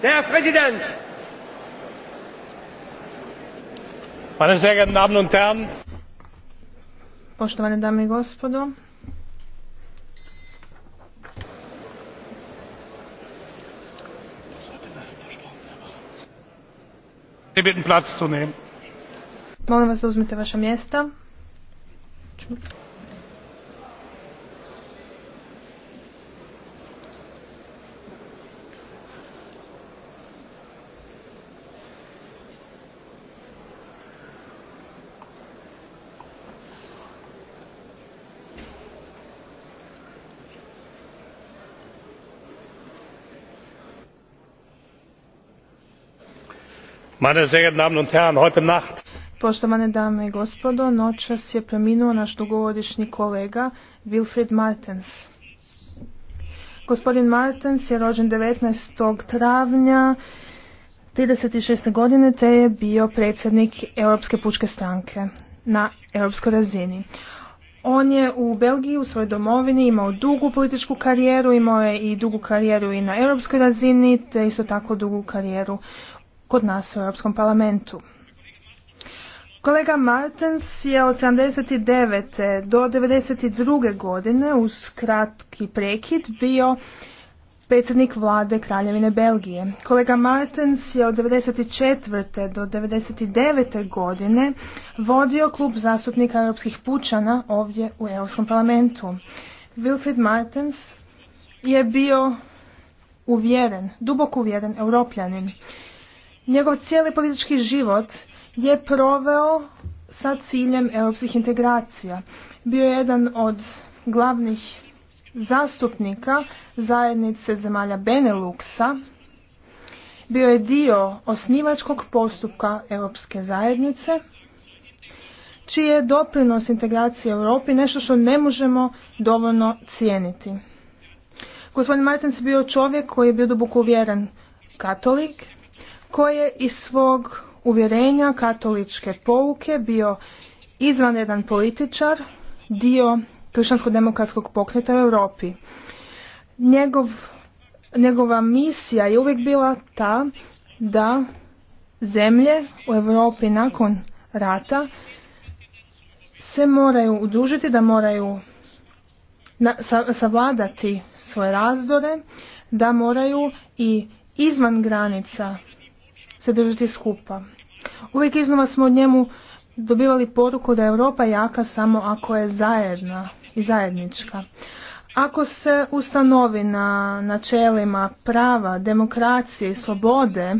Herr Präsident! Meine sehr geehrten Damen und Herren! Poštovane dame i gospodo. bitten Platz zu nehmen. Molim vas da uzmete vaša mjesta. meine sehr geehrten Damen und Poštovane dame i gospodo, noćas je preminuo naš dugogodišnji kolega Wilfried Martens. Gospodin Martens je rođen 19. travnja 36. godine te je bio predsjednik Europske pučke stranke na europskoj razini. On je u Belgiji, u svojoj domovini, imao dugu političku karijeru, imao je i dugu karijeru i na europskoj razini, te isto tako dugu karijeru kod nas u Europskom parlamentu. Kolega Martens je od 79. do 92. godine uz kratki prekid bio predsjednik vlade Kraljevine Belgije. Kolega Martens je od 94. do 99. godine vodio klub zastupnika europskih pučana ovdje u Europskom parlamentu. Wilfried Martens je bio uvjeren, duboko uvjeren europljanin njegov cijeli politički život je proveo sa ciljem europskih integracija. Bio je jedan od glavnih zastupnika zajednice zemalja Beneluxa, bio je dio osnivačkog postupka europske zajednice, čiji je doprinos integracije Europi nešto što ne možemo dovoljno cijeniti. Gospodin Martens je bio čovjek koji je bio duboko uvjeren katolik, koji je iz svog uvjerenja katoličke pouke bio izvanredan političar, dio kršćansko-demokratskog pokreta u Europi. Njegov, njegova misija je uvijek bila ta da zemlje u Europi nakon rata se moraju udružiti, da moraju savladati svoje razdore, da moraju i izvan granica se držati skupa. Uvijek iznova smo od njemu dobivali poruku da je Europa jaka samo ako je zajedna i zajednička. Ako se ustanovi na načelima prava, demokracije i slobode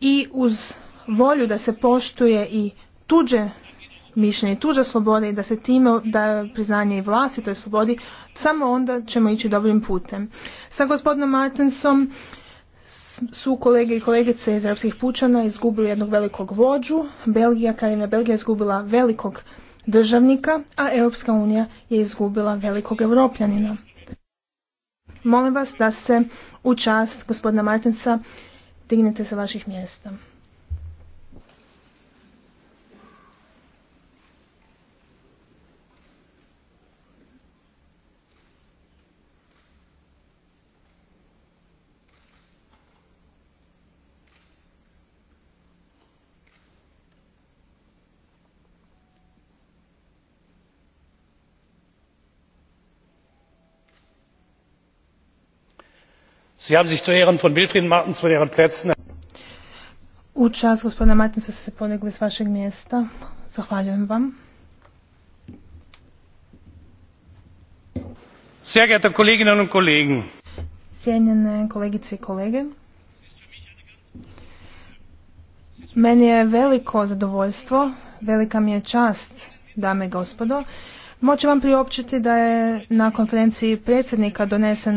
i uz volju da se poštuje i tuđe mišljenje i tuđa sloboda i da se time daje priznanje i vlasti toj slobodi, samo onda ćemo ići dobrim putem. Sa gospodinom Martensom su kolege i kolegice iz europskih pučana izgubili jednog velikog vođu, Belgija, Karina Belgija je izgubila velikog državnika, a Europska unija je izgubila velikog evropljanina. Molim vas da se u čast gospodina Martinsa dignete sa vaših mjesta. Sie haben sich zu Ehren von Wilfried Martens Plätzen. čast gospodina Martinsa ste se ponegli s vašeg mjesta. Zahvaljujem vam. Sehr geehrte Kolleginnen und Kollegen. Cijenjene kolegice i kolege. Meni je veliko zadovoljstvo, velika mi je čast, dame i gospodo, moći vam priopćiti da je na konferenciji predsjednika donesen